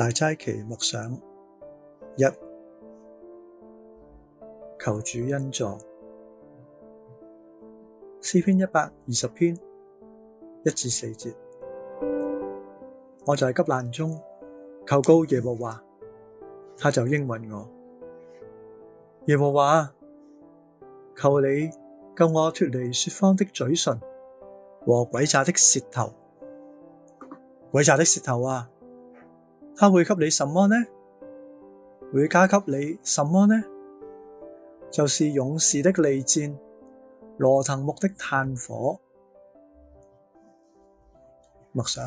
大齋期默想一，求主恩助。詩篇一百二十篇一至四節，我就係急難中求告耶和華，他就應允我。耶和華，求你救我脫離說謊的嘴唇和詭詐的舌頭，詭詐的舌頭啊！他會給你什麼呢？會加給你什麼呢？就是勇士的利箭、羅騰木的炭火，默想。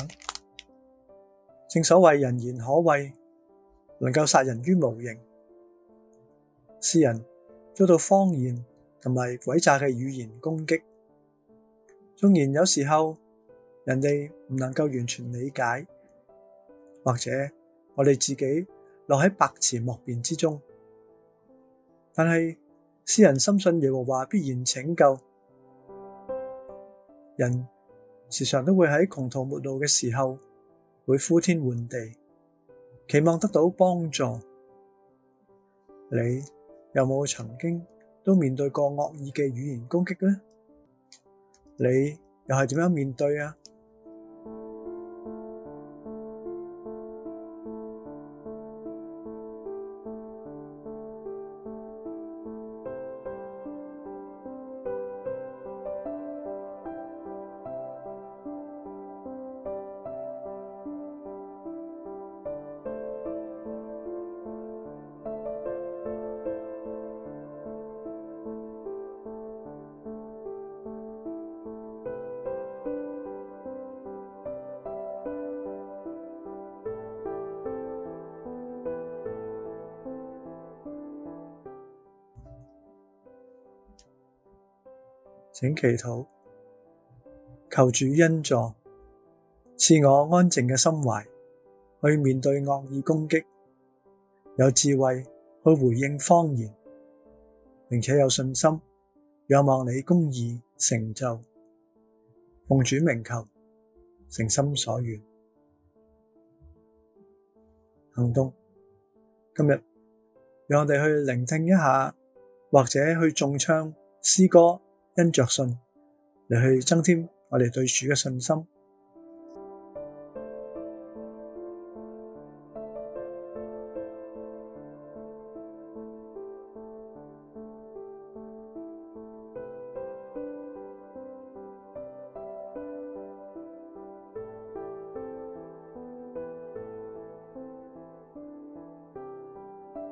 正所謂人言可畏，能夠殺人於無形。詩人遭到謊言同埋詭詐嘅語言攻擊，縱然有時候人哋唔能夠完全理解，或者。我哋自己留喺百詞莫辯之中，但係詩人深信耶和華必然拯救。人時常都會喺窮途末路嘅時候，會呼天喚地，期望得到幫助。你有冇曾經都面對過惡意嘅語言攻擊呢？你又係點樣面對啊？請祈禱，求主恩助，賜我安靜嘅心懷去面對惡意攻擊，有智慧去回應謊言，並且有信心，仰望你公義成就。奉主名求，誠心所願，行動。今日讓我哋去聆聽一下，或者去頌唱詩歌。因着信嚟去增添我哋對主嘅信心。